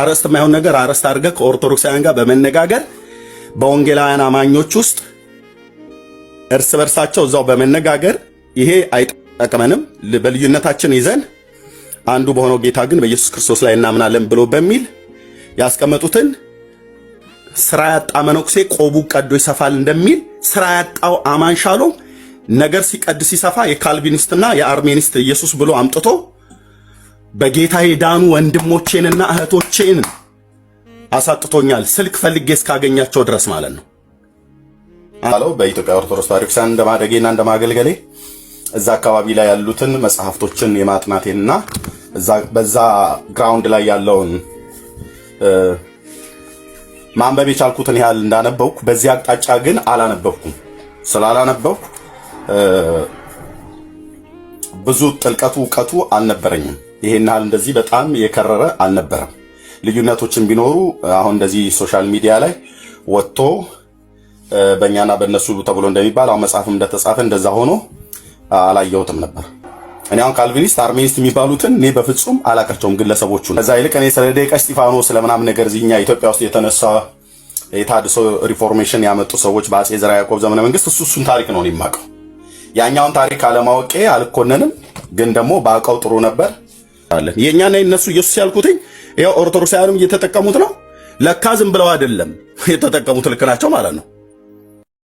አረስት የማይሆን ነገር አረስት አድርገ ከኦርቶዶክሳውያን ጋር በመነጋገር በወንጌላውያን አማኞች ውስጥ እርስ በርሳቸው እዛው በመነጋገር ይሄ አይጠቅመንም፣ በልዩነታችን ይዘን አንዱ በሆነው ጌታ ግን በኢየሱስ ክርስቶስ ላይ እናምናለን ብሎ በሚል ያስቀመጡትን ስራ ያጣ መነኩሴ ቆቡ ቀዶ ይሰፋል እንደሚል ስራ ያጣው አማን ሻሎም ነገር ሲቀድ ሲሰፋ የካልቪኒስትና የአርሜኒስት ኢየሱስ ብሎ አምጥቶ በጌታ የዳኑ ወንድሞቼንና እህቶቼን አሳጥቶኛል። ስልክ ፈልጌ እስካገኛቸው ድረስ ማለት ነው አለው። በኢትዮጵያ ኦርቶዶክስ ተዋሕዶ እንደማደጌና እንደማገልገሌ እዛ አካባቢ ላይ ያሉትን መጽሐፍቶችን የማጥናቴንና በዛ ግራውንድ ላይ ያለውን ማንበብ የቻልኩትን ያህል እንዳነበብኩ፣ በዚህ አቅጣጫ ግን አላነበብኩም። ስላላነበብኩ ብዙ ጥልቀቱ እውቀቱ አልነበረኝም። ይሄን ያህል እንደዚህ በጣም የከረረ አልነበረም። ልዩነቶችን ቢኖሩ አሁን እንደዚህ ሶሻል ሚዲያ ላይ ወጥቶ በእኛና በእነሱ ተብሎ እንደሚባል አሁን መጽሐፍም እንደተጻፈ እንደዛ ሆኖ አላየሁትም ነበር። እኔ አሁን ካልቪኒስት አርሜኒስት የሚባሉትን እኔ በፍጹም አላውቃቸውም ግለሰቦቹ። ከዛ ይልቅ እኔ ስለ ደቂቀ እስጢፋኖስ ስለምናምን ነገር እኛ ኢትዮጵያ ውስጥ የተነሳ የታድሶ ሪፎርሜሽን ያመጡ ሰዎች በአጼ ዘርዓ ያዕቆብ ዘመነ መንግስት እሱ እሱን ታሪክ ነው የማውቀው። ያኛውን ታሪክ አለማወቄ አልኮነንም፣ ግን ደግሞ በአውቀው ጥሩ ነበር። አለን የእኛና የነሱ ኢየሱስ ያልኩትኝ ያው ኦርቶዶክሳውያንም እየተጠቀሙት ነው። ለካ ዝም ብለው አይደለም የተጠቀሙት። ልክ ናቸው ማለት ነው።